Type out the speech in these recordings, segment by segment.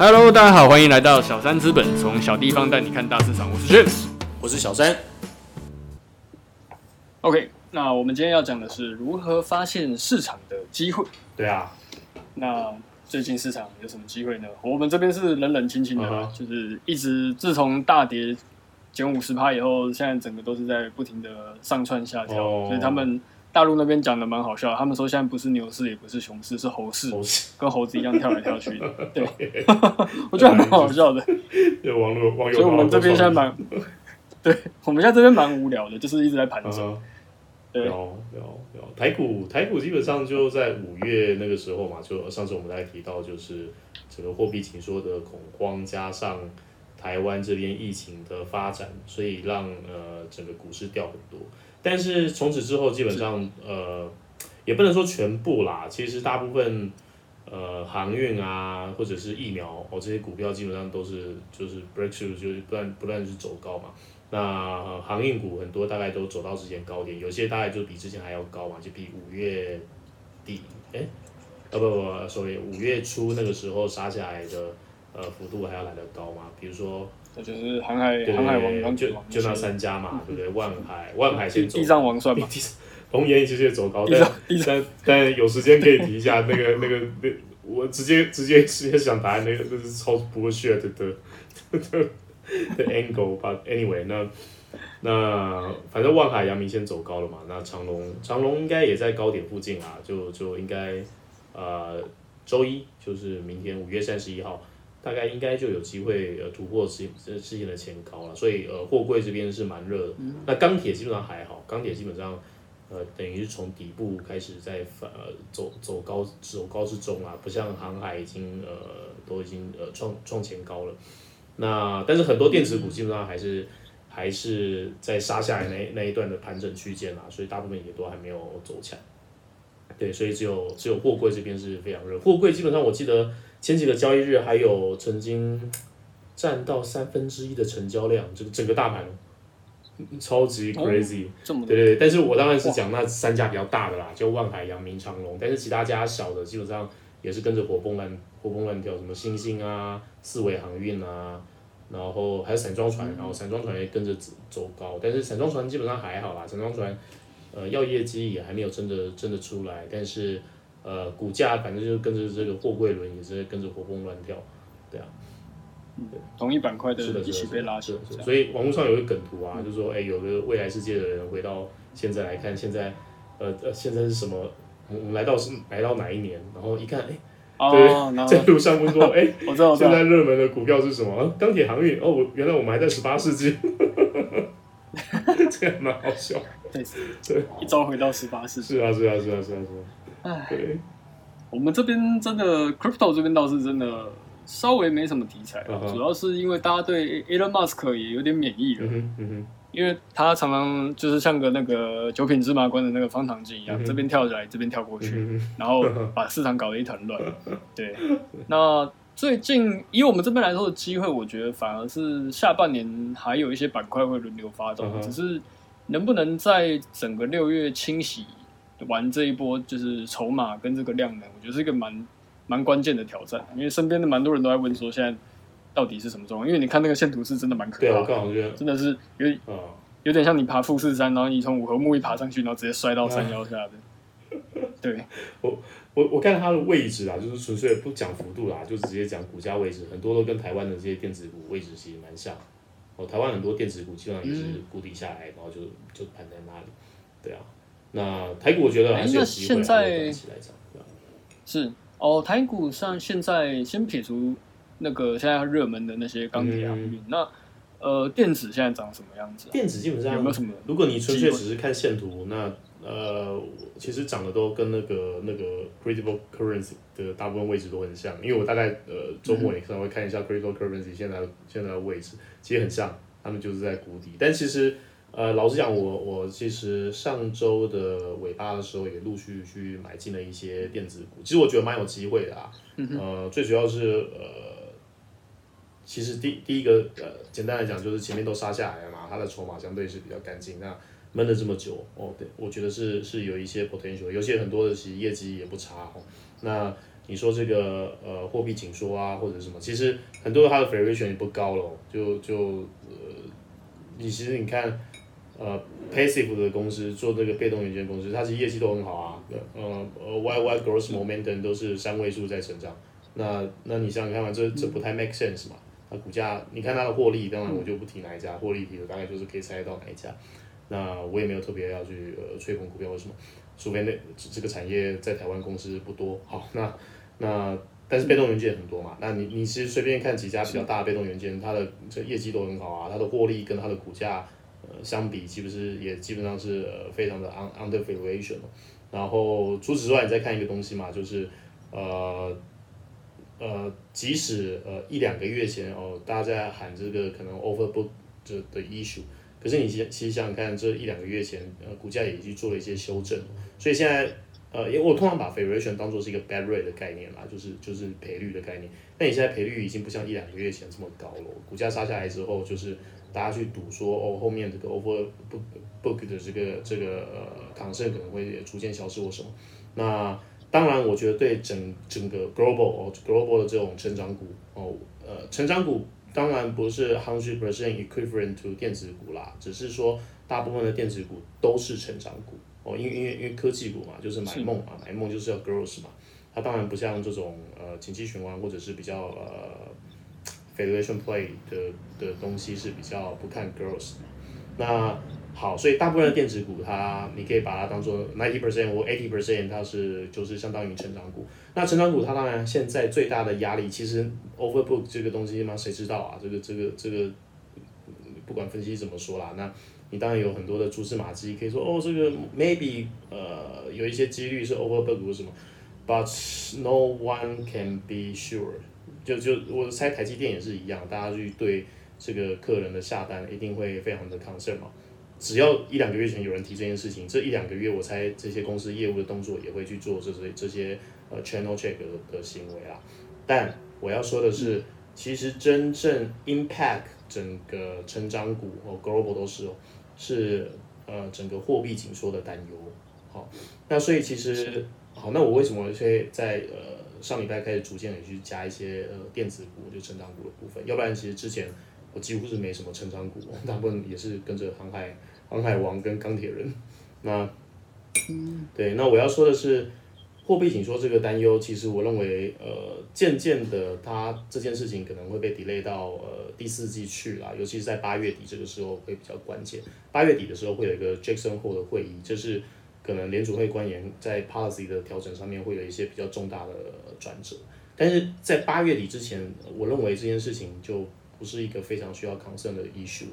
Hello，大家好，歡迎來到小山資本，從小地方帶你看大市場。我是 James，我是小山。OK，那我們今天要講的是如何發現市場的機會。對啊，那最近市場有什麼機會呢？我們這邊是冷冷清清的，uh huh. 就是一直自從大跌減五十趴以後，現在整個都是在不停的上竄下跳，oh. 所以他們。大陸那邊講的蠻好笑，他們說現在不是牛市，也不是熊市，是猴市，猴子跟猴子一樣跳來跳去的。 對， 我覺得還蠻好笑的。對 右，網絡網友，所以我們這邊現在蠻， 對，我們現在這邊蠻無聊的，就是一直在盤整。Uh huh. 對有有有，台股台股基本上就在五月那個時候嘛，就上次我們還提到，就是整個貨幣緊縮的恐慌，加上台灣這邊疫情的發展，所以讓呃整個股市掉很多。但是從此之後，基本上是呃，也不能說全部啦。其實大部分呃航運啊，或者是疫苗哦這些股票，基本上都是就是 breakthrough，就是不斷不斷是走高嘛。那、呃、航運股很多大概都走到之前高點，有些大概就比之前還要高嘛，就比五月底哎，啊、欸，不、oh, 不，sorry，五月初那個時候殺下來的呃幅度還要來得高嘛。比如說。就是航海對航海王，航王就就那三家嘛，對不對？嗯、萬海萬海先走，地藏王算嘛。紅岩其實也走高，障但意障 但意障 但，但有時間可以提一下對 那個那個那我直接直接直接想答案，那個就是超剝削的的的 angle，but anyway，那那反正萬海陽明先走高了嘛，那長隆長隆應該也在高點附近啊，就就應該呃周一就是明天五月三十一號。大概應該就有機會呃突破前之前的前高了，所以呃貨櫃這邊是蠻熱的。嗯、那鋼鐵基本上還好，鋼鐵基本上呃等於是從底部開始在呃走走高走高之中啊，不像航海已經呃都已經呃創創前高了。那但是很多電子股基本上還是、嗯、還是在殺下來那那一段的盤整區間啊，所以大部分也都還沒有走強。對，所以只有只有貨櫃這邊是非常熱。貨櫃基本上我記得。前幾個交易日還有曾經佔到三分之一的成交量，這個整個大盤，超級 crazy，、哦、對對，對但是我當然是講那三家比較大的啦，哇就萬海、陽明、長龍，但是其他家小的基本上也是跟着活蹦亂活蹦亂跳，什麼星星啊、四維航運啊，然後還有散裝船，然後散裝船也跟着走走高，嗯嗯，但是散裝船基本上還好啦，散裝船呃要業績也還沒有真的真的出來，但是。呃，股價反正就是跟着這個貨櫃輪也是跟着活蹦亂跳，對啊，對嗯、同一板塊的一起被拉起來樣所以網絡上有一個梗圖啊，嗯、就是說哎、欸，有個未來世界的人回到現在來看，現在呃呃，現在是什麼？我們來到是來到哪一年？然後一看哎、欸、哦，對有在路上問說哎，欸、 我知道現在熱門的股票是什麼？鋼、啊、鐵航運哦，我原來我們還在十八世紀， 這樣蠻好笑， 對，對對一朝回到十八世，紀、啊。是啊，是啊，是啊，是啊。是啊。對我們這邊真的，Crypto 這邊倒是真的稍微沒什麼題材啊，uh huh. 主要是因為大家對 Elon Musk 也有點免疫了，uh huh. 因為他常常就是像個那個九品芝麻官的那個方唐鏡一樣，uh huh. 這邊跳起來，這邊跳過去，uh huh. 然後把市場搞得一團亂。Uh huh. 對，那最近以我們這邊來說的機會，我覺得反而是下半年還有一些板塊會輪流發動，uh huh. 只是能不能在整個六月清洗？玩這一波就是籌碼跟這個量能，我覺得是一個蠻蠻關鍵的挑戰。因為身邊的蠻多人都在問說，現在到底是什麼狀況？因為你看那個線圖是真的蠻可怕的，對，我感覺真的是有點，嗯、有點像你爬富士山，然後你從五合目一爬上去，然後直接摔到山腰下的。嗯、對，我我我看它的位置啦，就是純粹不講幅度啦，就直接講股價位置，很多都跟台灣的這些電子股位置其實蠻像。哦、喔，台灣很多電子股基本上就是固定下來，然後就就盤在那裡，對啊。那台股我覺得還是現在是哦，台股像現在，先撇除那個現在熱門的那些鋼鐵啊，嗯、那呃電子現在長什麼樣子、啊？電子基本上有沒有什麼。如果你純粹只是看線圖，那呃其實長得都跟那個那個 cryptocurrency 的大部分位置都很像，因為我大概呃週末也稍微會看一下 cryptocurrency 現在、嗯、現在的位置，其實很像，他們就是在谷底，但其實。呃，老實講，我我其實上周的尾巴的時候也陸續去買進了一些電子股，其實我覺得蠻有機會的啊。呃，最主要是呃，其實第第一個呃，簡單來講就是前面都殺下來了嘛，它的籌碼相對是比較乾淨。那悶了這麼久，哦，對，我覺得是是有一些 potential，有些很多的其實業績也不差哦。那你說這個呃貨幣緊縮啊或者什麼，其實很多的它的 valuation 也不高了，哦，就就呃，你其實你看。呃，passive 的公司做那個被動元件公司，它其實業績都很好啊，呃呃，YoY growth momentum 都是三位數在成長，那那你想想看嘛，這這不太 make sense 嘛？它股價，你看它的獲利，當然我就不提哪一家獲利，提了大概就是可以猜到哪一家，那我也沒有特別要去呃吹捧股票為什麼？除非那這個產業在台灣公司不多，好，那那但是被動元件很多嘛，那你你其實隨便看幾家比較大的被動元件，它的這業績都很好啊，它的獲利跟它的股價。相比，基本是也基本上是呃非常的 under valuation。然後除此之外，你再看一個東西嘛，就是呃呃，即使呃一兩個月前哦、呃，大家在喊這個可能 overbook 這的，的 issue，可是你其其實想想看，這一兩個月前，呃股價也已經做了一些修正，所以現在呃，因為我通常把 valuation 當作是一個 bad rate 的概念啦，就是就是賠率的概念。那你現在賠率已經不像一兩個月前這麼高了，股價殺下來之後就是。大家去賭說哦，後面這個 over book 的這個這個呃 concern 可能會也逐漸消失或什麼？那當然，我覺得對整整個 global 哦，global 的這種成長股哦，呃，成長股當然不是 hundred percent equivalent to 電子股啦，只是說大部分的電子股都是成長股哦，因為因為因為科技股嘛，就是買夢啊，是買夢就是要 growth 嘛，它當然不像這種呃經濟循環或者是比較呃。valuation play 的的東西是比較不看 growth，那好，所以大部分的電子股它，你可以把它當做 ninety percent 或 eighty percent，它是就是相當於成長股。那成長股它當然現在最大的壓力其實 overbook 這個東西嘛，誰知道啊？這個這個這個不管分析怎麼說啦，那你當然有很多的蛛絲馬跡，可以說哦，這個 maybe 呃有一些幾率是 overbook 什麼，but no one can be sure。就就我猜台積電也是一樣，大家去對這個客人的下單一定會非常的 concern 哦。只要一兩個月前有人提這件事情，這一兩個月我猜這些公司業務的動作也會去做這些這些呃 channel check 的，的行為啊。但我要說的是，嗯、其實真正 impact 整個成長股和、哦、global 都是、哦、是呃整個貨幣緊縮的擔憂。好、哦，那所以其實是好，那我為什麼會在呃？上禮拜開始逐漸的去加一些呃電子股，就成長股的部分，要不然其實之前我幾乎是沒什麼成長股，大部分也是跟着航海航海王跟鋼鐵人。那，對，那我要說的是貨幣緊縮這個擔憂，其實我認為呃，漸漸的它這件事情可能會被 delay 到呃第四季去了，尤其是在八月底這個時候會比較關鍵。八月底的時候會有一個 Jackson Hole 的會議，就是。可能聯儲會官員在 policy 的調整上面會有一些比較重大的轉折，但是在八月底之前，我認為這件事情就不是一個非常需要 concern 的 issue。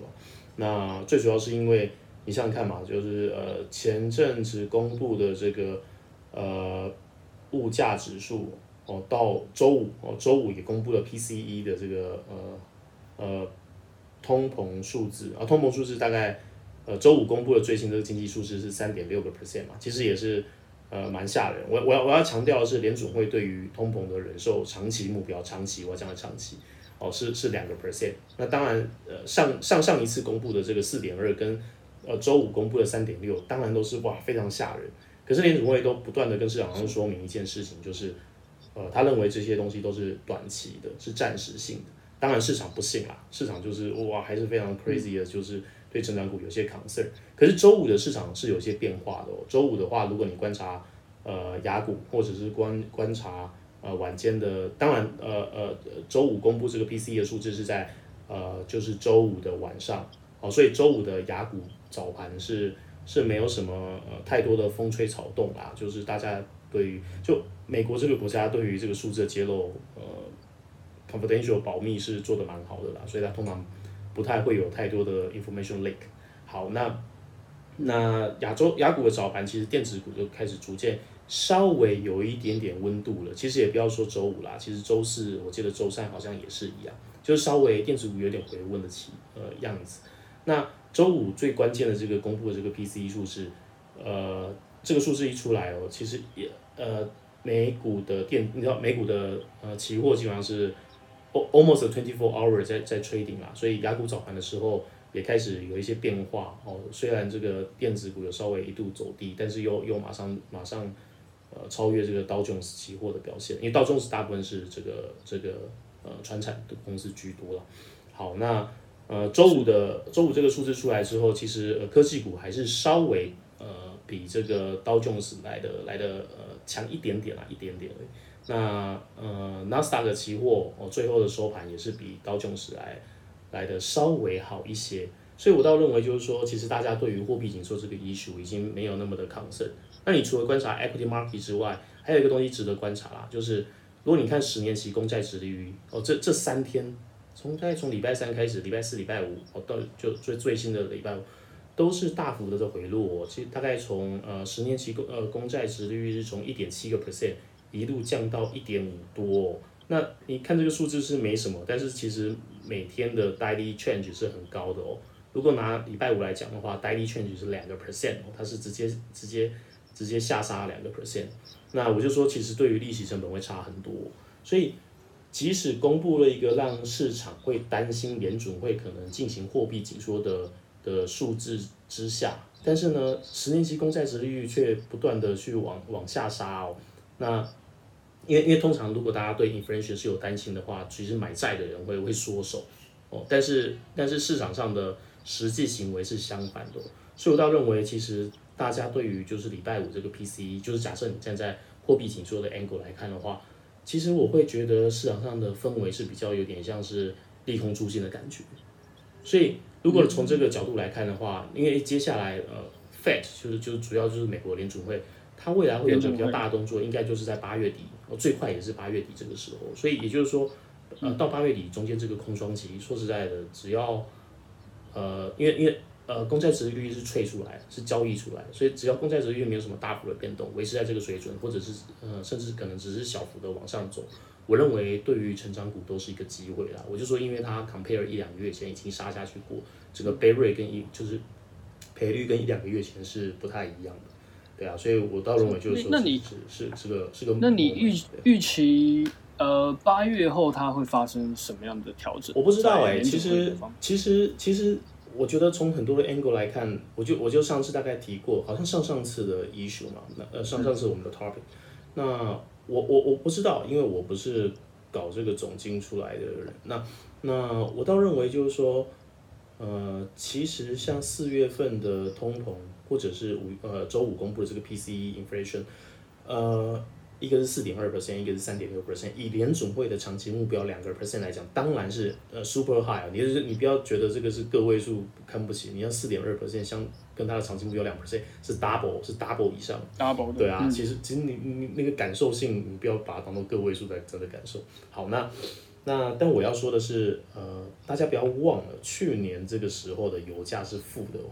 那最主要是因為你想想看嘛，就是呃前陣子公布的這個呃物價指數哦，到週五哦，週五也公布了 PCE 的這個呃呃通膨數字啊，通膨數字大概。呃，週五公布的最新的經濟數字是三點六個 percent 嘛，其實也是呃蠻嚇人。我我要我要強調的是，聯儲會對於通膨的忍受長期目標，長期我要講的長期哦、呃，是是兩個 percent。那當然，呃上上上一次公布的這個四點二跟呃周五公布的三點六，當然都是哇非常嚇人。可是聯儲會都不斷的跟市場上說明一件事情，就是呃他認為這些東西都是短期的，是暫時性的。當然市場不信啦、啊，市場就是哇還是非常 crazy 的，嗯、就是。對成長股有些 concern，可是周五的市場是有些變化的哦。周五的話，如果你觀察呃亞股，或者是觀觀察呃晚間的，當然呃呃周五公布這個 PCE 的數字是在呃就是周五的晚上好、哦，所以周五的亞股早盤是是沒有什麼、呃、太多的風吹草動啊，就是大家對於就美國這個國家對於這個數字的揭露呃 confidential 保密是做得蠻好的啦，所以它通常。不太會有太多的 information leak 好，那那亞洲亞股的早盤，其實電子股就開始逐漸稍微有一點點溫度了。其實也不要說周五啦，其實周四，我記得周三好像也是一樣，就是稍微電子股有點回溫的起呃，樣子。那周五最關鍵的這個公布的這個 PCE 數是呃，這個數字一出來哦，其實也呃，美股的電，你知道美股的呃期貨基本上是。Almost twenty four hours 在在 trading 啦，所以亞股早盤的時候也開始有一些變化。哦，雖然這個電子股有稍微一度走低，但是又又馬上馬上呃超越這個道瓊斯期貨的表現，因為道瓊斯大部分是這個這個呃傳產的公司居多了。好，那呃周五的周五這個數字出來之後，其實呃科技股還是稍微呃比這個道瓊斯來的來的呃強一點點啦，一點點。那呃，納斯達克期貨我、哦、最後的收盤也是比道瓊斯來來的稍微好一些，所以我倒認為就是說，其實大家對於貨幣緊縮這個 issue 已經沒有那麼的 concern。那你除了觀察 equity market 之外，還有一個東西值得觀察啦，就是如果你看十年期公債殖利率哦，這這三天，從大概從禮拜三開始，禮拜四、禮拜五哦，到就最最新的禮拜五，都是大幅的在回落、哦。其實大概從呃十年期呃公呃公債殖利率是從一點七個 percent。一路降到一點五多哦，那你看這個數字是沒什麼，但是其實每天的 daily change 是很高的哦。如果拿禮拜五來講的話，daily change 是兩個 percent，它是直接直接直接下殺兩個 percent。那我就說，其實對於利息成本會差很多。所以即使公布了一個讓市場會擔心聯準會可能進行貨幣緊縮的的數字之下，但是呢，十年期公債殖利率卻不斷的去往往下殺哦。那因為因為通常如果大家對 inflation 是有擔心的話，其實買債的人會會縮手，哦，但是但是市場上的實際行為是相反的，所以我倒認為其實大家對於就是禮拜五這個 PCE，就是假設你站在貨幣緊縮的 angle 來看的話，其實我會覺得市場上的氛圍是比較有點像是利空出盡的感覺，所以如果從這個角度來看的話，嗯、因為接下來呃、嗯、Fed 就是就主要就是美國聯儲會，它未來會有一個比較大的動作，應該就是在八月底。我最快也是八月底這個時候，所以也就是說，呃，到八月底中間這個空窗期，說實在的，只要，呃，因為因為呃公債殖利率是萃出來，是交易出來，所以只要公債殖利率沒有什麼大幅的變動，維持在這個水準，或者是呃甚至可能只是小幅的往上走，我認為對於成長股都是一個機會啦。我就說，因為它 compare 一兩個月前已經殺下去過，這個賠率跟一就是賠率跟一兩個月前是不太一樣的。對啊，所以我倒認為就是說是，那你只是這個，是個。是個，那你預對預期呃，八月後它會發生什麼樣的調整？我不知道哎、欸，其實其實其實，我覺得從很多的 angle 來看，我就我就上次大概提過，好像上上次的 issue 嘛，那呃上上次我們的 topic，嗯，那我我我不知道，因為我不是搞這個總經出來的人。那那我倒認為就是說，呃，其實像四月份的通膨。或者是五呃週五公布的這個 P C E inflation，呃，一個是四點二 percent，一個是三點六 percent，以聯準會的長期目標兩個 percent 來講，當然是呃 super high，啊，你就是你不要覺得這個是個位數看不起，你要四點二 percent 相跟它的長期目標兩 percent 是 double，是 double 以上，double 對，對啊，嗯，其實其實你你那個感受性，你不要把它當做個位數來真的感受。好，那那但我要說的是，呃，大家不要忘了，去年這個時候的油價是負的哦。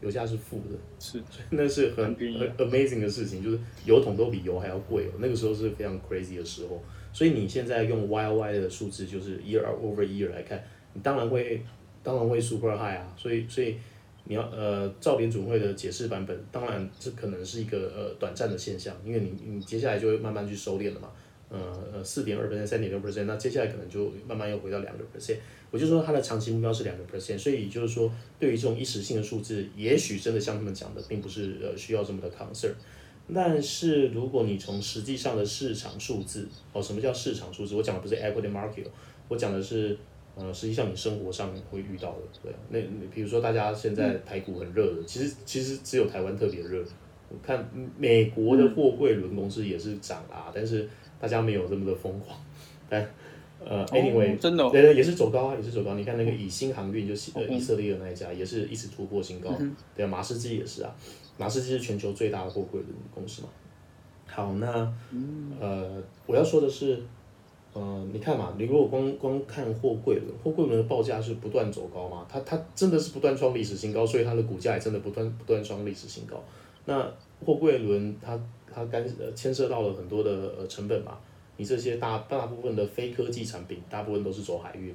油價是負的，是，那是很很 amazing 的事情，就是油桶都比油還要貴哦。那個時候是非常 crazy 的時候，所以你現在用 Y O Y 的數字，就是 year over year 來看，你當然會，當然會 super high 啊。所以，所以你要呃，照片總會的解釋版本，當然這可能是一個呃短暫的現象，因為你你接下來就會慢慢去收斂了嘛。呃呃，四點二 percent，三點六 percent，那接下來可能就慢慢又回到兩個 percent。我就說它的長期目標是兩個 percent，所以就是說，對於這種一時性的數字，也許真的像他們講的，並不是呃需要這麼的 concert。但是如果你從實際上的市場數字，哦，什麼叫市場數字？我講的不是 equity market，我講的是呃實際上你生活上會遇到的，對。那比如說大家現在台股很熱的，嗯、其實其實只有台灣特別熱。我看美國的貨櫃輪公司也是漲啦、啊，嗯、但是大家沒有這麼的瘋狂。呃，Anyway，對對，也是走高啊，也是走高。你看那個以星航運，就、呃、是以色列的那一家，也是一直突破新高。嗯、哼對啊，馬士基也是啊，馬士基是全球最大的貨櫃輪公司嘛。好呢，那、嗯、呃，我要說的是，呃，你看嘛，你如果光光看貨櫃輪，貨櫃輪的報價是不斷走高嘛，它它真的是不斷創歷史新高，所以它的股價也真的不斷不斷創歷史新高。那貨櫃輪它它幹呃牽涉到了很多的成本嘛。你這些大大部分的非科技產品，大部分都是走海運，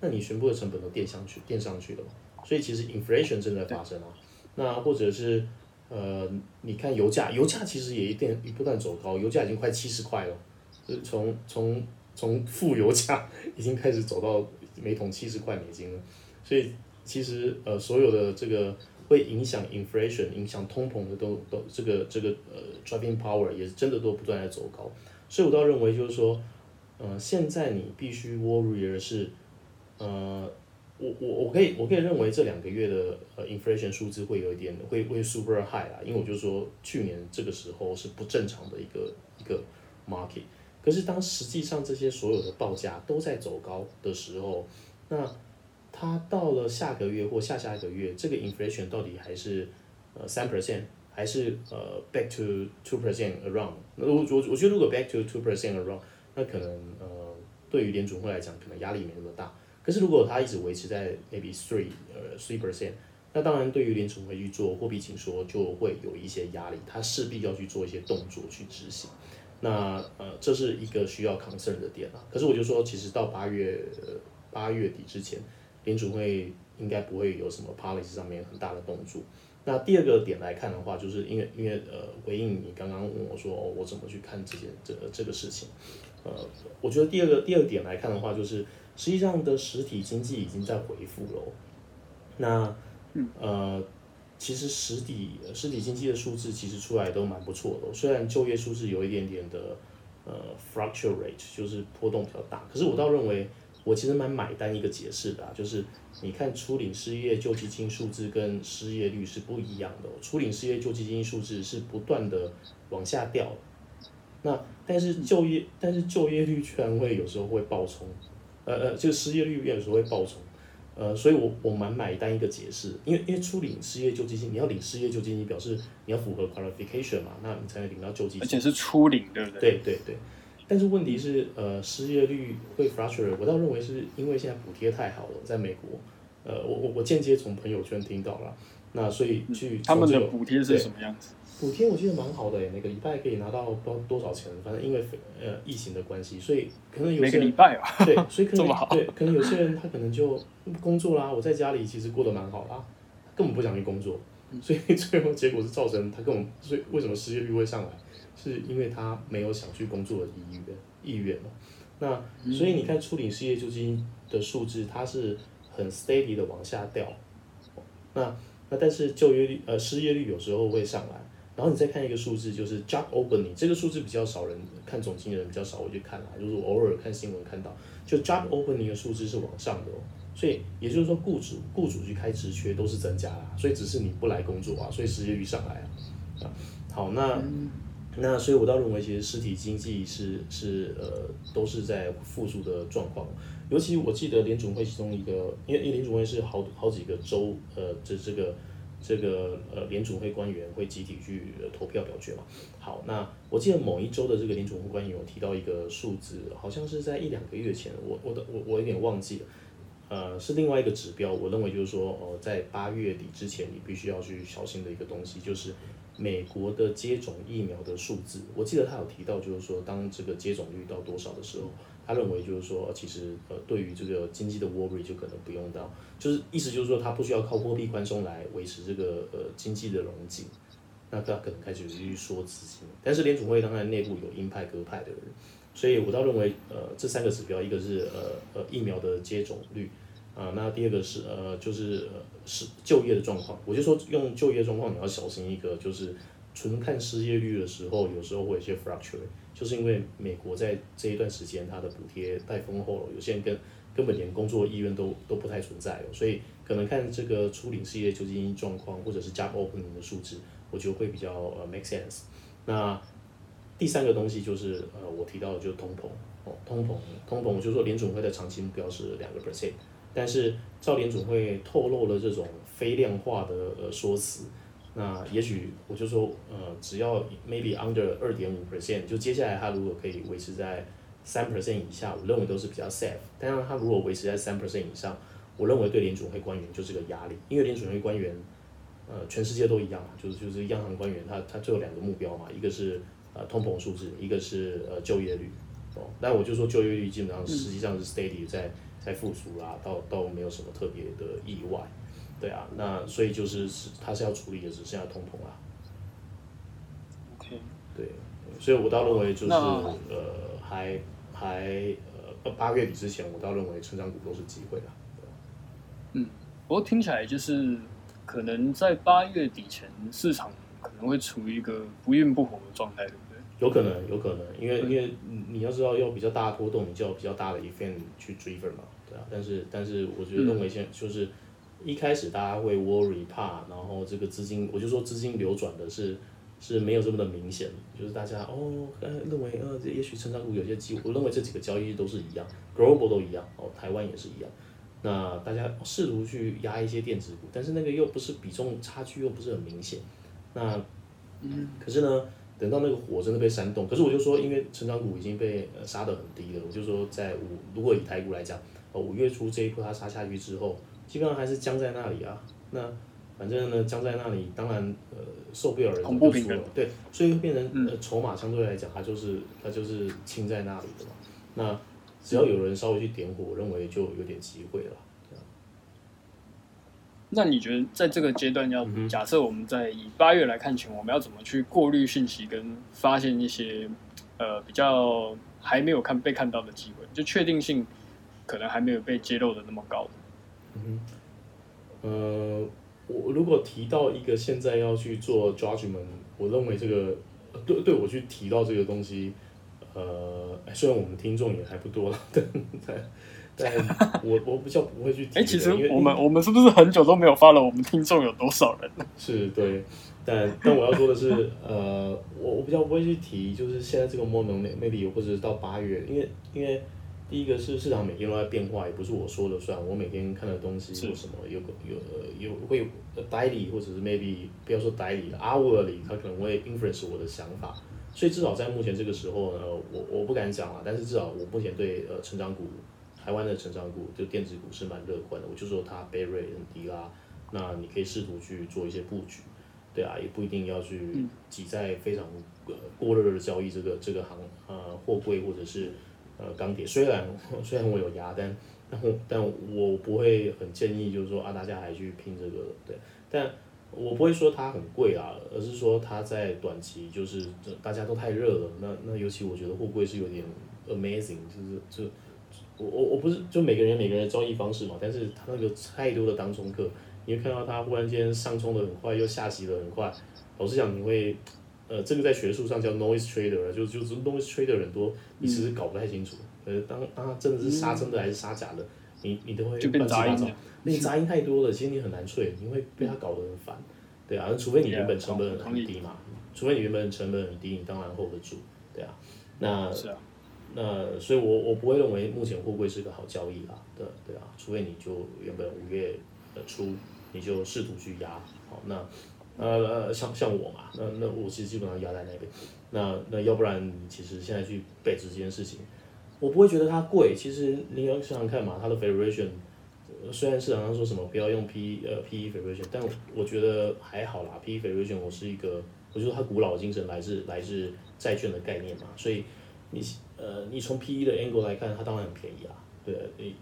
那你全部的成本都墊上去，墊上去的嘛？所以其實 inflation 正在發生啊。那或者是呃，你看油價，油價其實也一定不斷走高，油價已經快七十塊了，就是、從從從負油價已經開始走到每桶七十塊美金了。所以其實呃，所有的這個會影響 inflation、影響通膨的都都這個這個呃 driving power 也真的都不斷在走高。所以，我倒認為，就是說，呃，現在你必須 worry 的是，呃，我我我可以我可以認為這兩個月的呃 inflation 數字會有一點會會 super high 啊，因為我就說去年這個時候是不正常的一個一個 market，可是當實際上這些所有的報價都在走高的時候，那它到了下個月或下下一個月，這個 inflation 到底還是呃三 percent？還是呃，back to two percent around，那我我我覺得如果 back to two percent around，那可能呃，對於聯儲會來講，可能壓力沒那麼大。可是如果它一直維持在 maybe three，呃，three percent，那當然對於聯儲會去做貨幣緊縮，就會有一些壓力，它勢必要去做一些動作去執行。那呃，這是一個需要 concern 的點啊，可是我就說，其實到八月八月底之前，聯儲會應該不會有什麼 policy 上面很大的動作。那第二個點來看的話，就是因為因為呃回應你剛剛問我說、哦，我怎麼去看這件這個、這個事情，呃，我覺得第二個第二個點來看的話，就是實際上的實體經濟已經在回復了。那呃，其實實體實體經濟的數字其實出來都蠻不錯的，雖然就業數字有一點點的呃 fracture rate 就是波動比較大，可是我倒認為。我其實蠻買單一個解釋的，啊，就是你看初領失業救濟金數字跟失業率是不一樣的，哦，初領失業救濟金數字是不斷的往下掉，那但是就業但是就業率居然會有時候會爆衝，呃呃，就失業率也有時候會爆衝，呃，所以我我蠻買單一個解釋，因為因為初領失業救濟金，你要領失業救濟金，表示你要符合 qualification 嘛，那你才能領到救濟金，而且是初領的，對不對？對對對。但是問題是，呃，失業率會 frustrate。我倒認為是因為現在補貼太好了，在美國，呃，我我我間接從朋友圈聽到了，那所以去他們的補貼是什麼樣子？補貼我記得蠻好的、欸，每、那個禮拜可以拿到不知道多少錢，反正因為呃疫情的關係，所以可能有些禮拜吧、啊，對，所以可能對，可能有些人他可能就不工作啦，我在家裡其實過得蠻好啦，根本不想去工作，所以最後結果是造成他跟我，所以為什麼失業率會上來？是因為他沒有想去工作的意願意願嘛。那所以你看處理失業救濟金的數字，它是很 steady 的往下掉。那那但是就業率呃失業率有時候會上來，然後你再看一個數字，就是 job opening 這個數字比較少人看，總經的人比較少，我就看了，就是我偶爾看新聞看到，就 job opening 的數字是往上的喔，所以也就是說雇主雇主去開職缺都是增加啦啊，所以只是你不來工作啊，所以失業率上來啊。好那。嗯那所以，我倒認為，其實實體經濟是是呃，都是在復甦的狀況。尤其我記得聯儲會其中一個，因為因為聯儲會是好好幾個州，呃，這這個這個呃，聯儲會官員會集體去投票表決嘛。好，那我記得某一州的這個聯儲會官員有提到一個數字，好像是在一兩個月前，我我我我有點忘記了。呃，是另外一個指標，我認為就是說，呃，在八月底之前，你必須要去小心的一個東西就是。美國的接種疫苗的數字，我記得他有提到，就是說當這個接種率到多少的時候，他認為就是說，其實呃，對於這個經濟的 worry 就可能不用到，就是意思就是說，他不需要靠貨幣寬鬆來維持這個呃經濟的榮景，那他可能開始就去說自己。但是聯準會當然內部有鷹派鴿派的人，所以我倒認為，呃，這三個指標，一個是呃呃疫苗的接種率。啊、呃，那第二個是呃，就是是、呃、就業的狀況。我就說用就業狀況，你要小心一個，就是純看失業率的時候，有時候會有些 fracture 就是因為美國在這一段時間它的補貼太豐厚了，有些人根根本連工作意願都都不太存在了，所以可能看這個初領失業救濟金狀況，或者是 job openings 的數字，我覺得會比較呃 make sense。那第三個東西就是呃，我提到的就是通膨哦，通膨通膨，通膨就是說聯準會的長期目標是兩個 percent。但是，聯準會透露了這種非量化的呃說辭，那也許我就說，呃，只要 maybe under 二點五 percent，就接下來它如果可以維持在三 percent 以下，我認為都是比較 safe。但是它如果維持在三 percent 以上，我認為對聯準會官員就是個壓力，因為聯準會官員，呃，全世界都一樣嘛，就是就是央行官員他，他他只有兩個目標嘛，一個是呃通膨數字，一個是呃就業率。哦，那我就說就業率基本上實際上是 steady、嗯、在。在復甦啦，倒倒、啊、沒有什麼特別的意外，對啊，那所以就是是他是要處理的，只剩下通膨啊 Okay. 對，所以，我倒認為就是、oh, 呃，還還呃，八月底之前，我倒認為成長股都是機會啦、啊。對，嗯，不過聽起來就是可能在八月底前，市場可能會處於一個不溫不火的狀態，對不對？有可能，有可能，因為對因為你要知道，要比較大的波動，你就要比較大的一份去追分嘛。對啊，但是但是我覺得認為現就是一開始大家會 worry 怕，然後這個資金我就說資金流轉的是是沒有這麼的明顯的，就是大家哦、哎、認為呃也許成長股有些機會，我認為這幾個交易都是一樣，global 都一樣，哦台灣也是一樣，那大家試圖去壓一些電子股，但是那個又不是比重差距又不是很明顯，那嗯，可是呢等到那個火真的被煽動，可是我就說因為成長股已經被、呃、殺得很低了，我就說在如果以台股來講。呃，五、哦、月初這一波它殺下去之後，基本上還是僵在那裡啊。那反正呢，僵在那裡，當然呃，受不了人就輸了，對，所以變成籌碼相對來講，它、嗯、就是它就是輕在那裡的嘛。那只要有人稍微去點火，嗯、我認為就有點機會了。那你覺得在這個階段要，要、嗯、哼假設我們在以八月來看前，我們要怎麼去過濾信息跟發現一些呃比較還沒有看被看到的機會？就確定性。可能還沒有被揭露的那麼高。嗯，呃，我如果提到一個現在要去做 judgment，我認為這個對對我去提到這個東西，呃，雖然我們聽眾也還不多對。但但我我比較不會去提。哎、 欸，其實我們為我們是不是很久都沒有發了？我們聽眾有多少人？是，對，但但我要說的是， 呃，我我比較不會去提，就是現在這個 moment maybe 或者是到八月，因為因為。第一個是市場每天都在變化，也不是我說了算。我每天看的東西有什麼，有有有會 daily 或者是 maybe 不要說 daily 的 hourly 它可能會 influence 我的想法。所以至少在目前這個時候呢，我我不敢講啊，但是至少我目前對呃成長股，台灣的成長股，就電子股是蠻樂觀的。我就說它 barrier 很低啦，那你可以試圖去做一些布局，對啊，也不一定要去擠在非常呃過熱的交易這個這個行呃貨櫃或者是。呃，鋼鐵雖然雖然我有押，但但我，但我不會很建議，就是說啊，大家還去拼這個，對，但我不會說它很貴啊，而是說它在短期就是這大家都太熱了，那那尤其我覺得貨櫃是有點 amazing，就是就我我我不是就每個人每個人的交易方式嘛，但是它那個太多的當沖客，你會看到它忽然間上衝的很快，又下洗的很快，老實講你會。呃，這個在學術上叫 noise trader，就是、就是 noise trader 很多，你其實搞不太清楚。呃、嗯，當啊，真的是殺真的還是殺假的，嗯、你你都會亂雜音，那你雜音太多了，其實你很難吹，因為被他搞得很煩。對啊，除非你原本成本很低嘛，嗯、除非你原本成本很低，你當然 hold 得住。對啊，那、嗯、啊那，所以我我不會認為目前貨櫃是個好交易啊。對對啊，除非你就原本五月、呃、初，你就試圖去壓好那。呃呃，像像我嘛，那那我其實基本上壓在那邊，那那要不然其實現在去配置這件事情，我不會覺得它貴。其實你要想想看嘛，它的 federation，呃，雖然市場上說什麼不要用 P 呃 PE federation，但我，我覺得還好啦。PE federation 我是一個，我覺得它古老的精神來自來自債券的概念嘛，所以你呃你從 P E 的 angle 來看，它當然很便宜啦，啊。對，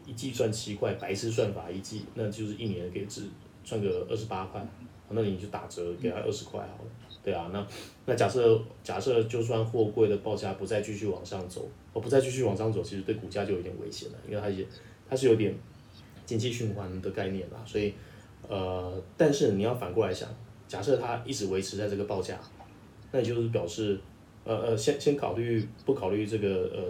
一季賺七塊，白痴算法一季，那就是一年可以只賺個二十八塊。那你就打折給他二十塊好了，對啊，那那假設假設就算貨櫃的報價不再繼續往上走，我不再繼續往上走，其實對股價就有點危險了，因為它也它是有點經濟循環的概念啦，所以呃，但是你要反過來想，假設它一直維持在這個報價，那也就是表示呃呃先先考慮不考慮這個呃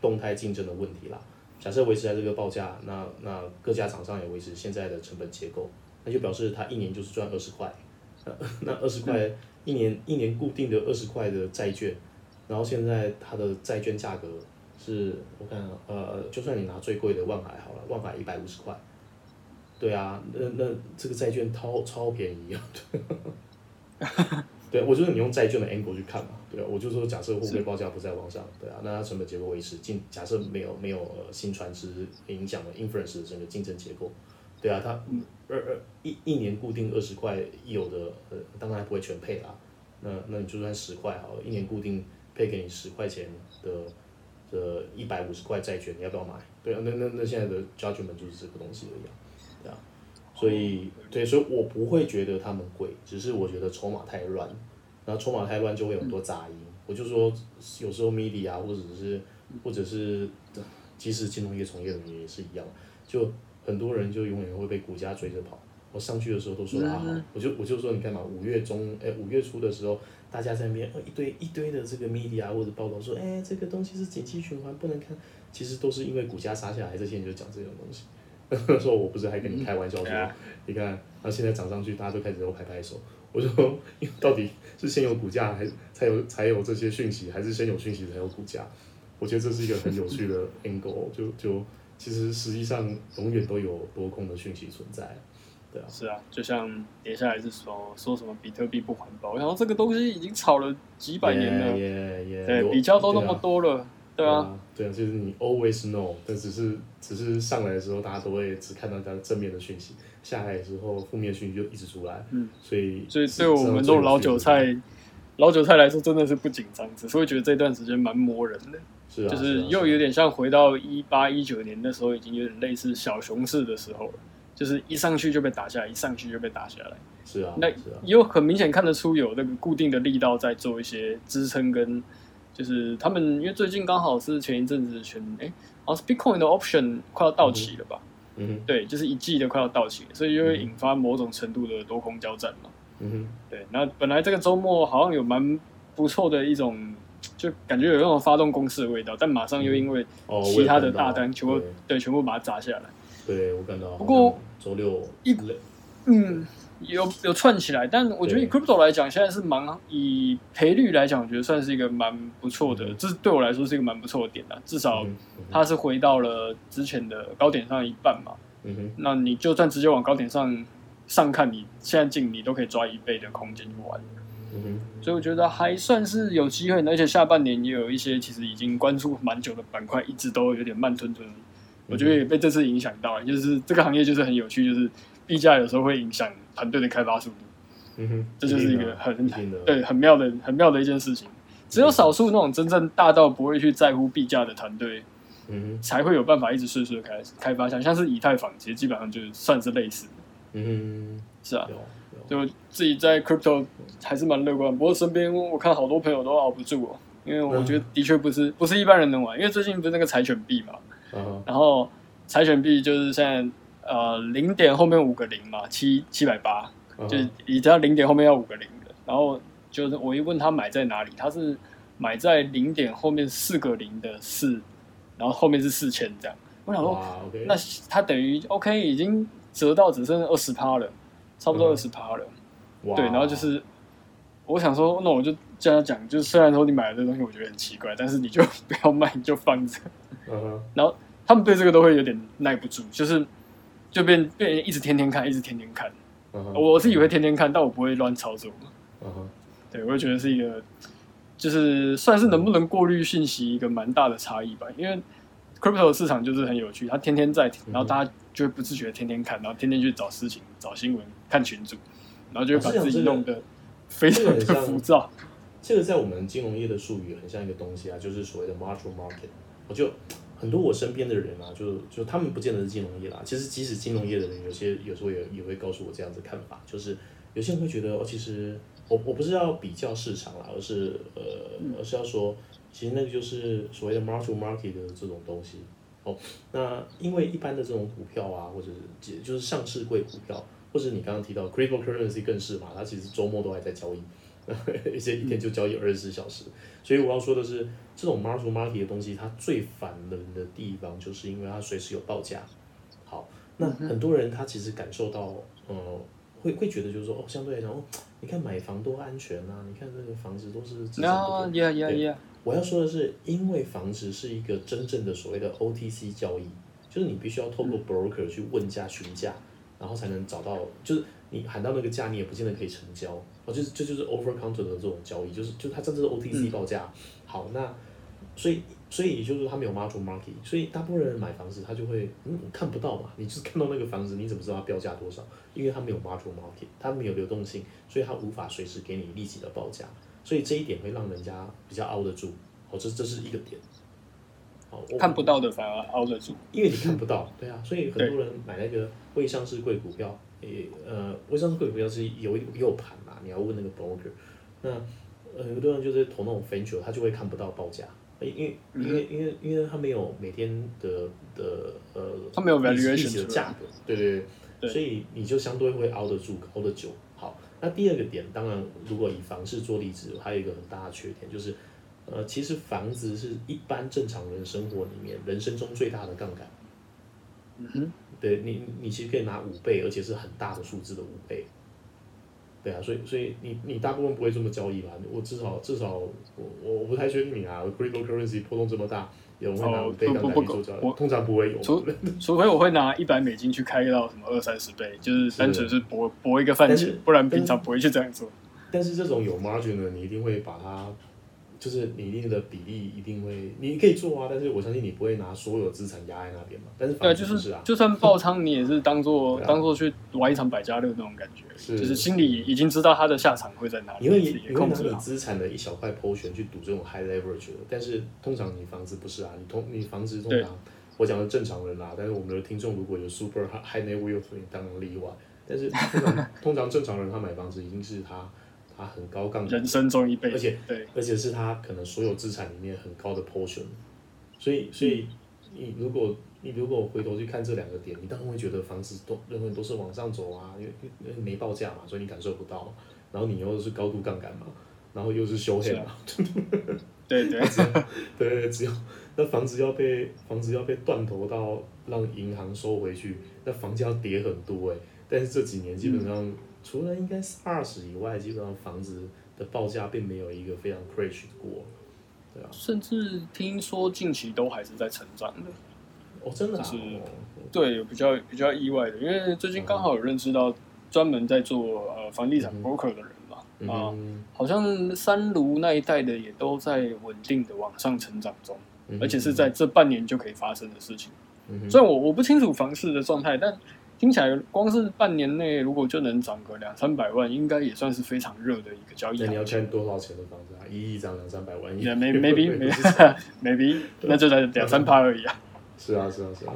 動態競爭的問題啦，假設維持在這個報價，那那各家廠商也維持現在的成本結構。就表示他一年就是賺二十塊，那二十塊一年一年固定的二十塊的債券，然後現在它的債券價格是我看、啊、呃，就算你拿最貴的萬海好了，萬海一百五十塊，對啊，那那這個債券超超便宜啊， 對，對我就是你用債券的 angle 去看嘛，對啊，我就說假設貨櫃報價不在往上，對啊，那它成本結構維持進，假設沒有沒有、呃、新船隻影響的 influence 整個競爭結構。對啊，他二二一一年固定二十塊，有的呃當然不會全配啦、啊。那那你就算十塊好了，一年固定配給你十塊錢的，呃一百五十塊債券，你要不要買？對啊，那那那現在的 judgment 就是這個東西而已、啊，對啊。所以對，所以我不會覺得他們貴，只是我覺得籌碼太亂，然後籌碼太亂就會有很多雜音。嗯、我就說有時候 media 啊，或者是或者是，即使金融業從業人員也是一樣，就。很多人就永遠會被股價追着跑。我上去的時候都說啊好，我就我就說你看嘛，五月中哎五、欸、月初的時候，大家在那邊呃、哦、一堆一堆的這個 media 啊或者報道說，哎、欸、這個東西是景氣循環不能看，其實都是因為股價殺下來，這些人就講這種東西。那時候 我不是還跟你開玩笑說，你看，它現在漲上去，大家都開始都拍拍手。我說到底是先有股價還是才有才有這些訊息，還是先有訊息才有股價？我覺得這是一個很有趣的 angle，就 就。就其實實際上永遠都有多空的訊息存在，對啊，是啊，就像接下來是說說什麼比特幣不環保，然後這個東西已經炒了幾百年了，yeah, yeah, yeah, yeah, 對，我比較都那麼多了，對啊，對啊、嗯，對啊，就是你 always know，但只是只是上來的時候大家都會只看到它正面的訊息，下來之後負面訊息就一直出來，嗯，所以所以所以對我們這種老韭菜，老韭菜來說真的是不緊張，只是會覺得這段時間蠻磨人的。是啊，就是又有點像回到一八一九年的時候，已經有點類似小熊市的時候，就是一上去就被打下來，一上去就被打下來。是啊，那又很明顯看得出有那個固定的力道在做一些支撐，跟就是他們因為最近剛好是前一陣子全哎、欸啊，是 Bitcoin 的 Option 快要到期了吧？嗯，嗯對，就是一季都快要到期了，所以又會引發某種程度的多空交戰嘛。嗯，嗯對。那本來這個周末好像有蠻不錯的一種。就感覺有那種發動攻勢的味道，但馬上又因為其他的大單、哦、全部對，對，全部把它砸下來。對，我看到不過周六一嗯，有有串起來，但我覺得對以 crypto 來講，現在是蠻，以賠率來講，我覺得算是一個蠻不錯的，這對，對我來說是一個蠻不錯的點啊。至少它是回到了之前的高點上一半嘛。嗯、哼那你就算直接往高點上上看，你現在進你都可以抓一倍的空間去玩。嗯嗯哼，所以我覺得還算是有機會，而且下半年也有一些其實已經關注蠻久的板塊，一直都有點慢吞吞。我覺得也被這次影響到，嗯哼，就是這個行業就是很有趣，就是幣價有時候會影響團隊的開發速度。嗯哼，這就是一個很很對很妙的很妙的一件事情。只有少數那種真正大到不會去在乎幣價的團隊，嗯哼，才會有辦法一直順順開開發下，像是以太坊，其實基本上就算是類似的。嗯哼，是啊。就自己在 crypto 還是蠻樂觀，不過身邊我看好多朋友都熬不住哦，因為我覺得的確不是、嗯、不是一般人能玩。因為最近不是那個柴犬幣嘛，哦、然後柴犬幣就是現在呃零點後面五個零嘛，七七百八，就是你知道零點後面要五個零的，然後就是我一問他買在哪裡，他是買在零點後面四個零的四，然後後面是四千這樣。我想說，okay、那他等於 OK 已經折到只剩二十趴了。差不多二十趴了，Uh huh. Wow. 對，然後就是我想說，那我就這樣講，就是雖然說你買了這東西，我覺得很奇怪，但是你就不要賣，你就放着。Uh huh. 然後他們對這個都會有點耐不住，就是就變變，變一直天天看，一直天天看。Uh huh. 我是也會天天看，但我不會亂操作。Uh huh. 對，我就覺得是一個，就是算是能不能過濾信息一個蠻大的差異吧。因為 crypto 市場就是很有趣，它天天在，然後大家。Uh huh. 就會不自覺天天看，然後天天去找事情、找新聞、看群組，然後就會把自己弄得非常的浮躁。這個在我們金融業的術語很像一個東西啊，就是所謂的 “marital market”。我就很多我身邊的人啊，就就他們不見得是金融業啦，其實即使金融業的人，有些有時候也也會告訴我這樣子看法，就是有些人會覺得，哦，其實我我不是要比較市場啦，而是呃，而是要說，其實那個就是所謂的 “marital market” 的這種東西。哦、那因為一般的這種股票啊，或者是就是上市櫃股票，或者你剛剛提到 cryptocurrency 更是嘛，它其實周末都還在交易，一些一天就交易二十四小時。所以我要說的是，這種 mark to market 的東西，它最煩人的地方，就是因為它隨時有報價。好，那很多人他其實感受到，呃，會會覺得就是說，哦，相對來講，哦，你看買房多安全啊，你看這個房子都是自多，啊、no, yeah, yeah, yeah.，也的我要說的是，因為房子是一個真正的所謂的 OTC 交易，就是你必須要透過 broker 去問價詢價，然後才能找到，就是你喊到那個價，你也不見得可以成交。哦，就是這就是 over counter 的這種交易，就是就它真正的 OTC 報價。嗯、好，那所以所以就是它沒有 market maker，所以大部分人買房子他就會嗯看不到嘛，你就是看到那個房子，你怎麼知道它標價多少？因為它沒有 market maker，它沒有流動性，所以它無法隨時給你立即的報價。所以這一點會讓人家比較熬得住，哦，這這是一個點。哦，我看，看不到的反而熬得住，因為你看不到，對啊，所以很多人買那個未上市貴股票，也對、欸、呃，未上市貴股票是有有盤嘛，你要問那個 broker 那呃，很多人就是投那種 venture，他就會看不到報價，因為、嗯、因為因為因為他沒有每天的的呃，他沒有日日息的價格，對對對，所以你就相對會熬得住，熬得久。那第二個點，當然，如果以房市做例子，還有一個很大的缺點就是，呃，其實房子是一般正常人生活裡面人生中最大的槓桿。嗯哼，對你，你其實可以拿五倍，而且是很大的數字的五倍。對啊，所以所以你你大部分不會這麼交易吧？我至少至少我我不太確定啊，我 crypto currency 波動這麼大。有嗎？不不不不，我通常不會有，除 除非我會拿一百美金去開個到什麼二三十倍，就是單純是博博的一個飯錢，是不然平常不會去這樣做。但是，但是這種有 margin 的，你一定會把它。就是你一定的比例一定會，你可以做啊，但是我相信你不會拿所有資產壓在那邊嘛。但是房是、啊啊就是、就算爆倉你也是當做、 啊、當做去玩一場百家樂那種感覺，是就是心裡已經知道他的下場會在哪裡，也控制了資產的一小塊 o 權去賭這種 high leverage 但是通常你房子不是啊，你通你房子通常，對我講的正常人啦、啊，但是我們的聽眾如果有 super high e i g h l e e r 當然例外、啊。但是通常, 通常正常人他買房子一定是他。啊，很高槓桿，人生中一輩，而且對而且是他可能所有資產裡面很高的 portion，所以所以，嗯、你如果你如果回頭去看這兩個點，你當然會覺得房子都認為都是往上走啊，因為，因為沒報價嘛，所以你感受不到，然後你又是高度槓桿嘛，然後又是休閒嘛，對對對對，只要那房子要被房子要被斷頭到讓銀行收回去，那房價要跌很多誒、欸。但是這幾年基本上，嗯。除了應該是二十以外，基本上房子的報價並沒有一個非常 crash 過，對啊，甚至聽說近期都還是在成長的，我、哦、真的、啊就是對比較比較意外的，因為最近剛好有認識到專門在做、嗯、哼呃房地產 broker 的人嘛，嗯、哼啊，嗯、哼好像三盧那一帶的也都在穩定的往上成長中，嗯、哼而且是在這半年就可以發生的事情。嗯、哼雖然我我不清楚房市的狀態，但。聽起來，光是半年內如果就能漲個兩三百萬，應該也算是非常熱的一個交易。那你要簽多少錢的房子、啊？一億漲兩三百萬也？也、yeah, maybe maybe maybe 那就在兩三趴而已啊。是啊是啊是啊。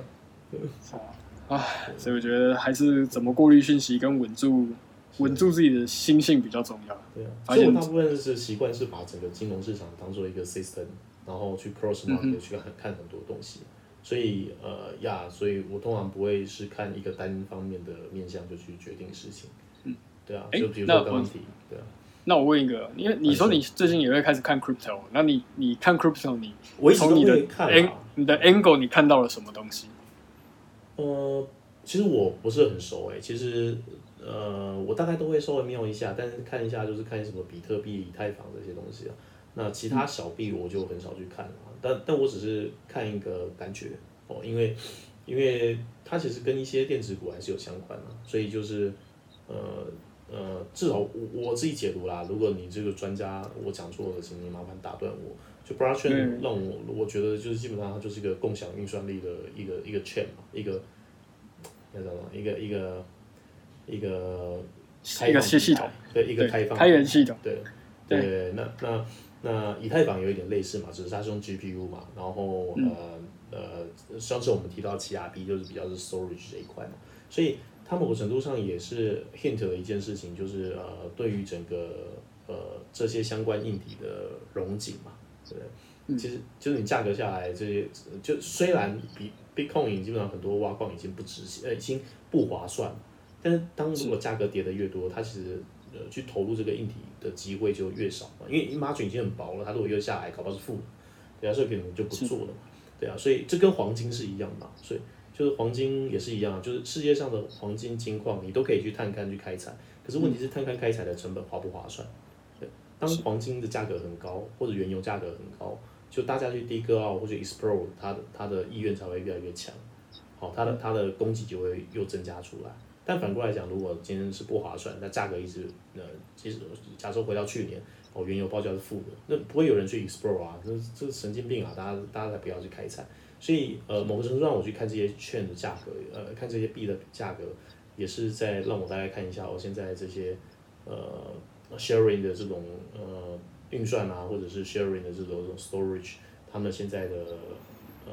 啊，所以我覺得還是怎麼過濾訊息跟穩住、啊、穩住自己的心性比較重要。對啊，而且現大部分是習慣是把整個金融市場當做一個 system，然後去 cross market、嗯、哼去看很多東西。所以，呃，呀、yeah,，所以我通常不會是看一個單方面的面向就去決定事情。嗯，對啊，嗯、就比如說、欸，那我問，對啊，那我問一個，因為你說你最近也會開始看 crypto，那你，你看 crypto，你從你的 angle，、啊、你的 angle，你看到了什麼東西？呃，其實我不是很熟誒、欸，其實，呃，我大概都會稍微瞄一下，但是看一下就是看什麼比特幣、以太坊這些東西啊。那其他小幣我就很少去看了。嗯但但我只是看一個感覺哦，因為因為它其實跟一些電子股還是有相關的啊，所以就是呃呃，至少我我自己解讀啦。如果你這個專家我講錯了，請你麻煩打斷我。就 b r a s c h n 讓我對我覺得就是基本上它就是一個共享運算力的一個對一個 chain 一個叫什麼一個一個一個一個系統一個系統對一個開放開源系統對對那對那。那那以太坊有一點類似嘛，只是它是用 GPU 嘛，然後呃、嗯、呃，上次我們提到 Chia 幣就是比較是 storage 這一塊嘛，所以它某個程度上也是 hint 了一件事情，就是呃對於整個呃這些相關硬體的榮景嘛，對，對、嗯、其實就是你價格下來這些，就雖然比 Bitcoin 基本上很多挖礦已經不值錢，呃，已經不划算，但是當如果價格跌得越多，是它其實。呃、去投入這個硬體的機會就越少嘛，因為 Margin 已經很薄了，它如果又下來，搞不好是負，對啊，所以可能就不做了嘛，對啊，所以這跟黃金是一樣嘛，所以就是黃金也是一樣，就是世界上的黃金金礦你都可以去探勘，去開採，可是問題是探勘開採的成本划不划算？嗯、對，當黃金的價格很高或者原油價格很高，就大家去 dig 啊，或者 explore，它的它的意願才會越來越強，好，它的它的供給就會又增加出來。但反過來講，如果今天是不划算，那價格一直呃，其實，假如說回到去年，我、哦、原油報價是負的，那不會有人去 explore 啊，這這神經病啊，大家大家才不要去開採。所以呃，某個程度上，我去看這些券的價格，呃，看這些幣的價格，也是在讓我大概看一下、哦，我現在這些呃 sharing 的這種呃運算啊，或者是 sharing 的這種這種 storage，他們現在的呃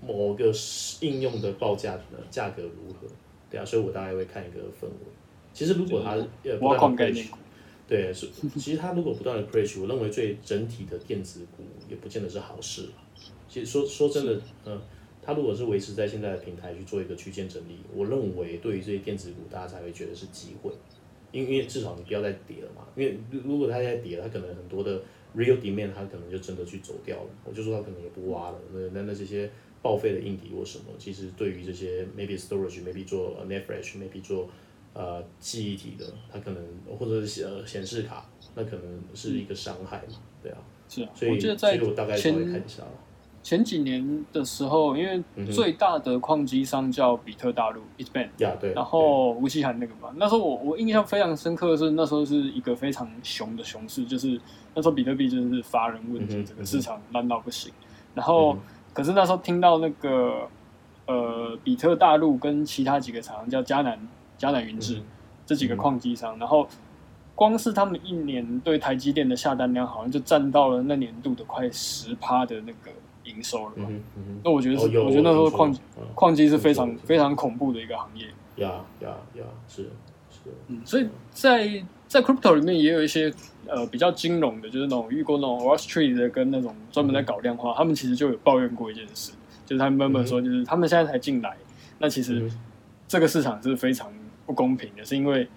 某個應用的報價的價格如何。對啊，所以我大概會看一個氛圍。其實如果它以呃我不斷的 crash，對，是其實它如果不斷的 crash，我認為最整體的電子股也不見得是好事。其實說說真的，嗯的，它、呃、如果是維持在現在的平台去做一個區間整理，我認為對於這些電子股大家才會覺得是機會。因因為至少你不要再跌了嘛，因為如果它再跌了，它可能很多的。Real demand，他可能就真的去走掉了。我就說他可能也不挖了。那那那這些報廢的硬碟或什麼，其實對於這些 maybe storage，maybe 做 NAND flash，maybe 做呃記憶體的，他可能或者是呃顯示卡，那可能是一個傷害嘛。對啊，啊所以所以我大概稍微看一下吧。前幾年的時候，因為最大的礦機商叫比特大陸 Bitmain 然後吳 yeah, 錫涵那個嘛，yeah. 那時候我我印象非常深刻的是那時候是一個非常熊的熊市，就是那時候比特幣就是乏人問津，嗯、哼這個市場爛到不行。嗯、哼然後，嗯、哼可是那時候聽到那個呃，比特大陸跟其他幾個廠商，叫嘉楠嘉楠雲智，嗯、哼這幾個礦機商，嗯、哼然後光是他們一年對台積電的下單量，好像就佔到了那年度的快十趴的那個。營收了嘛？那、嗯嗯、我覺得是，oh, yo, 我覺得那時候礦礦機是非常、嗯、非常恐怖的一個行業。呀呀呀！是、嗯、是。嗯，所以在在 crypto 裡面也有一些呃比較金融的，就是那種遇過那種 Wall Street 的跟那種專門在搞量化，嗯、哼他們其實就有抱怨過一件事，就是他們本本本說，就是、嗯、哼他們現在才進來，那其實這個市場是非常不公平的，是因為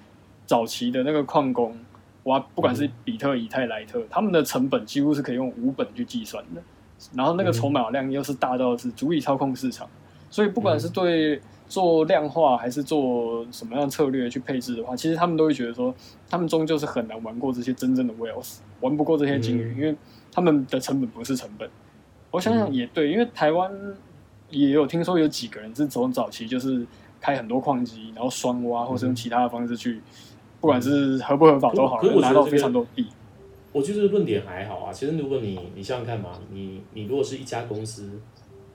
早期的那個礦工哇，不管是比特、嗯、哼以太、萊特，他們的成本幾乎是可以用無本去計算的。然後那個籌碼量又是大到是足以操控市場，所以不管是對做量化還是做什麼樣策略去配置的話，其實他們都會覺得說，他們終究是很難玩過這些真正的 whales 玩不過這些鯨魚，因為他們的成本不是成本。我想想也對，因為台灣也有聽說有幾個人是從早期就是開很多礦機，然後雙挖或是用其他的方式去，不管是合不合法都好，拿到非常多幣。我覺得這論點還好啊，其實如果你你想想看嘛，你你如果是一家公司，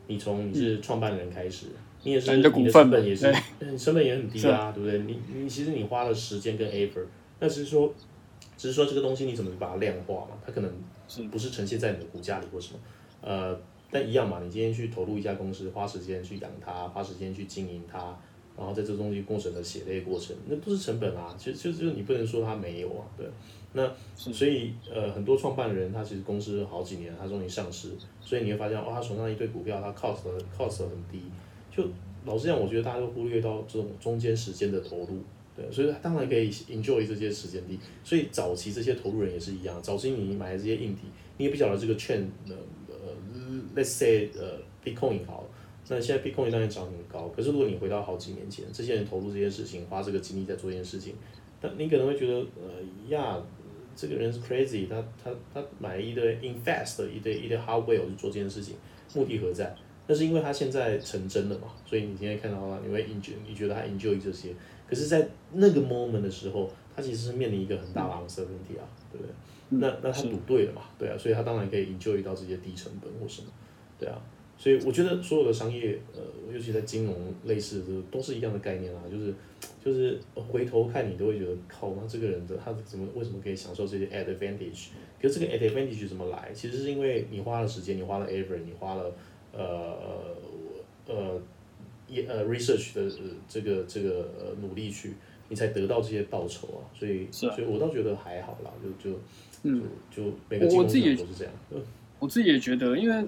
你從你是創辦人開始，嗯、你也是你的，你的成本也是，哎、成本也很低啊，啊對不對？你你其實你花了時間跟 effort 但是說，只是說這個東西你怎麼把它量化嘛？它可能不是呈現在你的股價裡或什麼，呃，但一樣嘛，你今天去投入一家公司，花時間去養它，花時間去經營它，然後在這個東西過程的血淚過程，那不是成本啊，其實就就，就你不能說它沒有啊，對。那所以呃很多創辦人他其實公司好幾年他終於上市，所以你會發現哇、哦、他手上一堆股票他 cost cost 很低，就老實講，我覺得大家都忽略到這種中間時間的投入，對，所以他當然可以 enjoy 這些時間力，所以早期這些投入人也是一樣，早期你買的這些硬幣，你也不曉得這個券呃，呃 let's say 呃 Bitcoin 好，那現在 Bitcoin 當然漲很高，可是如果你回到好幾年前，這些人投入這件事情，花這個精力在做一件事情，但你可能會覺得呃呀。Yeah, 這個人是 crazy，他他他買一堆 invest，一堆一堆 hardware 去做這件事情，目的何在？但是因為他現在成真了嘛，所以你今天看到他，你會 enjoy，你覺得他 enjoy 這些。可是，在那個 moment 的時候，他其實是面臨一個很大的 uncertainty 問題啊，對不對？那那他賭對了嘛，是對啊，所以他當然可以 enjoy 到這些低成本或什麼，對啊。所以我覺得所有的商業，呃，尤其在金融，類似的都是一樣的概念啊，就是就是回頭看你都會覺得，靠，他這個人的他怎麼為什麼可以享受這些 advantage？可是這個 advantage 怎麼來？其實是因為你花了時間，你花了 every 你花了呃呃呃 research 的呃這個這個、呃、努力去，你才得到這些報酬啊。所以，啊、所以我倒覺得還好啦，就就、嗯、就就每個。我自己也都是這樣，我自己也覺得，因為。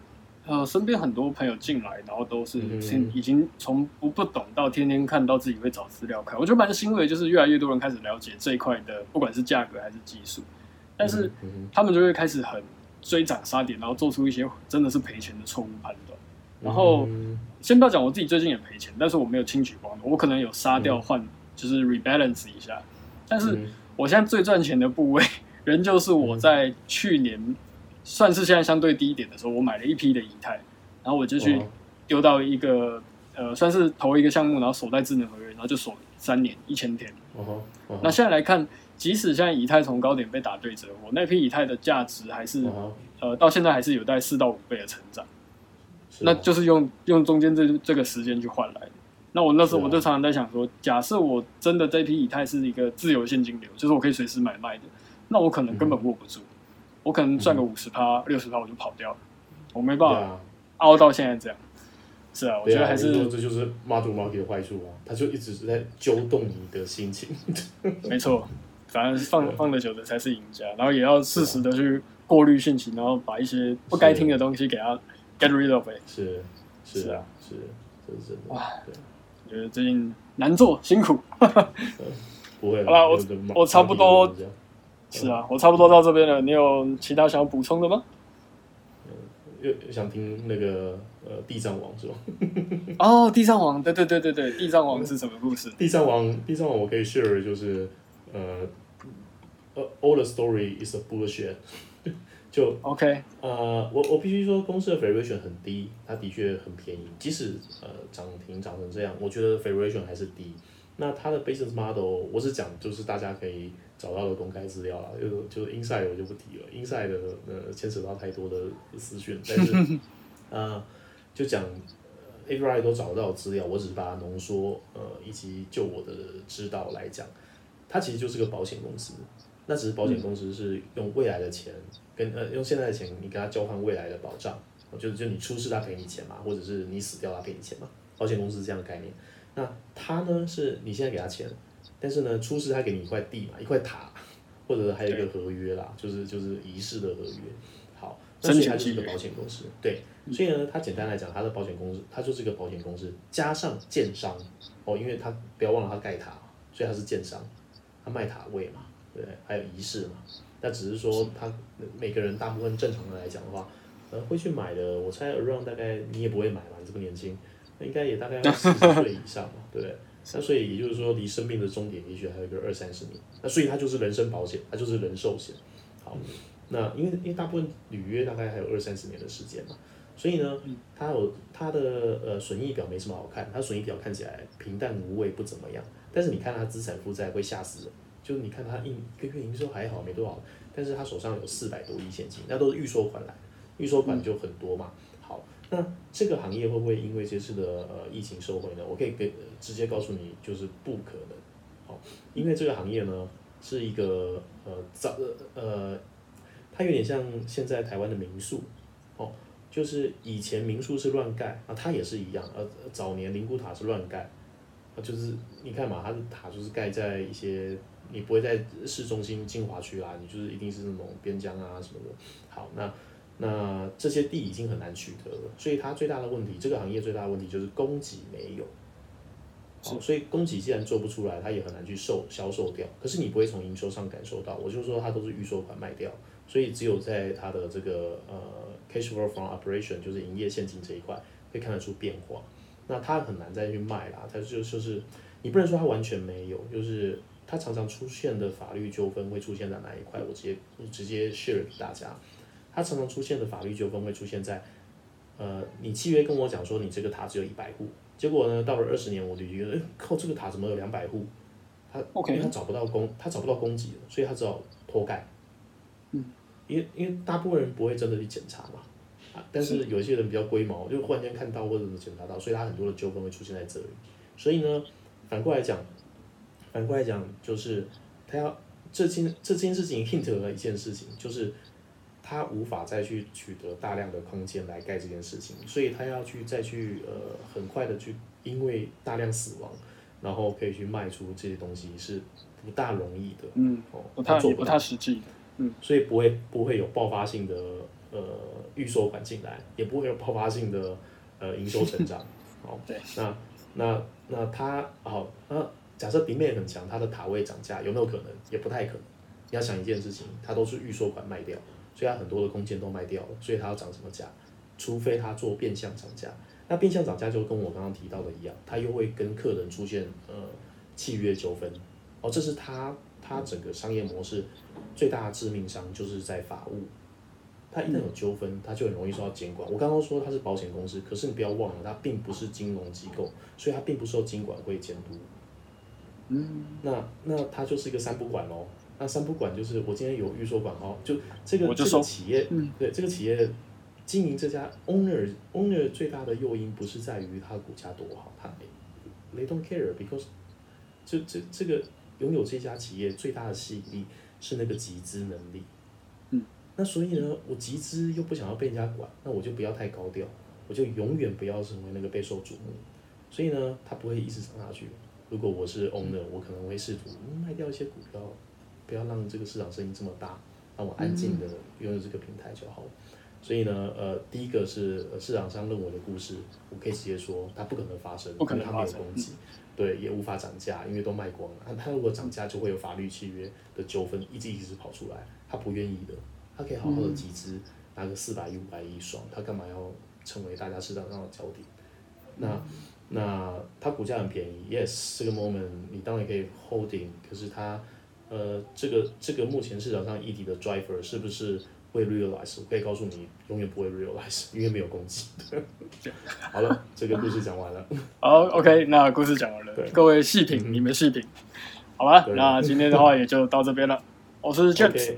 呃，身邊很多朋友進來，然後都是、嗯、已經從不不懂到天天看到自己會找資料看，我覺得蠻欣慰，就是越來越多人開始了解這一塊的，不管是價格還是技術，但是他們就會開始很追漲殺跌，然後做出一些真的是賠錢的錯誤判斷。然後、嗯、先不要講我自己最近也賠錢，但是我沒有輕舉妄動，我可能有殺掉換，嗯、就是 rebalance 一下。但是我現在最賺錢的部位，仍舊是我在去年。算是現在相對低一點的時候，我買了一批的以太，然後我就去丟到一個、uh huh. 呃，算是投一個項目，然後鎖在智能合約，然後就鎖三年一千天。Uh huh. uh huh. 那現在來看，即使現在以太從高點被打對折，我那批以太的價值還是、uh huh. 呃，到現在還是有大概四到五倍的成長。Uh huh. 那就是用用中間這這個時間去換來的。那我那時候我就常常在想說，uh huh. 假設我真的這批以太是一個自由現金流，就是我可以隨時買賣的，那我可能根本握不住。Uh huh. 我可能賺個五十趴、六十趴，我就跑掉了，我沒辦法熬到現在這樣。啊是啊，我覺得還是這就是 mark to market 的壞處啊，他就一直是在揪動你的心情。沒錯，反正放放的久的才是贏家，然後也要適時的去過濾訊息，然後把一些不該聽的東西給他 get rid of it。是是啊，是是，是真的。哇對，我覺得最近難做，辛苦。 不會，好了，好，我我差不多。是啊，嗯、我差不多到這邊了。你有其他想要補充的嗎？嗯、呃，又又想聽那個呃，地藏王說。是吧 哦，地藏王，對對對對對，地藏王是什麼故事？地藏王，地藏王，我可以 share 就是呃，呃，all the story is a bullshit 就。就 OK，呃，我我必須說公司的 valuation 很低，它的確很便宜。即使呃漲停漲成這樣，我覺得 valuation 還是低。那它的 business model，我是講就是大家可以。找到了公開資料啦，就就 inside 我就不提了，inside 的呃牽扯到太多的資訊，但是啊、 呃、就講 everybody、呃、都找不到資料，我只是把它濃縮呃以及就我的知道來講，它其實就是個保險公司，那只是保險公司是用未來的錢、嗯、跟呃用現在的錢你跟他交換未來的保障，呃、就就你出事他賠你錢嘛，或者是你死掉他賠你錢嘛，保險公司是這樣的概念，那它呢是你現在給他錢。但是呢，出事他給你一塊地嘛，一塊塔，或者還有一個合約啦，對就是就是儀式的合約。好，所以它就是一個保險公司，對。所以呢，它簡單來講，它的保險公司，它就是一個保險公司，加上建商哦，因為它不要忘了它蓋塔，所以它是建商，它賣塔位嘛，對。還有儀式嘛，那只是說它，他每個人大部分正常的來講的話，呃，會去買的。我猜 Around 大概你也不會買嘛，你這麼年輕，那應該也大概要四十歲以上嘛， 對。那所以也就是說，離生命的終點也許還有個二三十年。那所以它就是人身保險，它就是人壽險。好，那因為因為大部分履約大概還有二三十年的時間嘛，所以呢，它有它的呃損益表沒什麼好看，它損益表看起來平淡無味，不怎麼樣。但是你看它資產負債會嚇死人，就是你看它一個月營收還好沒多少，但是它手上有四百多億現金，那都是預收款來，預收款就很多嘛。嗯那這個行業會不會因為這次的呃疫情收回呢？我可以給、呃、直接告訴你，就是不可能，好，哦，因為這個行業呢是一個呃早呃、呃，它有點像現在台灣的民宿，哦，就是以前民宿是亂蓋啊，它也是一樣，呃、啊、早年靈骨塔是亂蓋，啊就是你看嘛，它的塔就是蓋在一些你不會在市中心精華區啊，你就是一定是那種邊疆啊什麼的，好那。那這些地已經很難取得了，所以它最大的問題，這個行業最大的問題就是供給沒有。好，所以供給既然做不出來，它也很難去售銷售掉。可是你不會從營收上感受到，我就說它都是預售款賣掉，所以只有在它的這個呃 cash flow from operation，就是營業現金這一塊，可以看得出變化。那它很難再去賣啦，它就就是你不能說它完全沒有，就是它常常出現的法律糾紛會出現在哪一塊，我直接我直接 share 給大家。他常常出現的法律糾紛會出現在，呃，你契約跟我講說你這個塔只有一百戶，結果呢，到了二十年我就覺得，靠，這個塔怎麼有兩百戶？他 Okay. 因為他找不到供，他找不到供給，所以他只好脫蓋。因為因為大部分人不會真的去檢查嘛，啊，但是有一些人比較龜毛，就忽然間看到或者是檢查到，所以他很多的糾紛會出現在這裡。所以呢，反過來講，反過來講就是他要這件這件事情 hint 了一件事情，就是。他無法再去取得大量的空間來蓋這件事情，所以他要去再去呃很快的去，因為大量死亡，然後可以去賣出這些東西是不大容易的，嗯，哦，他做不太、哦、不太實際，嗯，所以不會不會有爆發性的呃預收款進來，也不會有爆發性的呃營收成長，好，對，那那那他，好、哦，那假設 demand 很強，他的塔位漲價有沒有可能？也不太可能。你要想一件事情，他都是預收款賣掉。所以他很多的空間都賣掉了，所以他要漲什麼價？除非他做變相漲價，那變相漲價就跟我剛剛提到的一樣，他又會跟客人出現呃契約糾紛。哦，這是他，他整個商業模式最大的致命傷，就是在法務。他一旦有糾紛，他就很容易受到監管。我剛剛說他是保險公司，可是你不要忘了，他並不是金融機構，所以他並不受金管會監督。嗯，那那他就是一個三不管嘍。那三不管就是我今天有預售管哦，就這個就這個企業，嗯、對這個企業經營這家 owner、嗯、owner 最大的誘因不是在於它的股價多好，它沒 they don't care because 就這這個擁有這家企業最大的吸引力是那個集資能力，嗯，那所以呢，我集資又不想要被人家管，那我就不要太高調，我就永遠不要成為那個備受矚目，所以呢，它不會一直漲下去。如果我是 owner，、嗯、我可能會試圖、嗯、賣掉一些股票。不要讓這個市場聲音這麼大，讓我安靜的擁有這個平台就好、嗯、所以呢，呃，第一個是市場上認為的故事，我可以直接說，它不可能發生，可能發因為它沒有供給，嗯、對，也無法漲價，因為都賣光了、啊。它如果漲價，就會有法律契約的糾紛，一直一直跑出來。他不願意的，他可以好好的集資，嗯、拿個四百億、五百億爽，他幹嘛要成為大家市場上的焦點？那那他股價很便宜、嗯、，Yes，這個 moment 你當然可以 holding，可是他。呃，這個這個目前市場上異地的 driver 是不是會 realize？我可以告訴你，永遠不會 realize，因為沒有攻擊。 好了， 這個故事講完了。好，oh，OK，那故事講完了，對各位細品，你們細品， 好吧？那今天的話也就到這邊了。 我是 James，okay,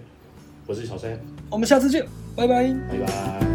我是小山，我們下次見，拜拜，拜拜。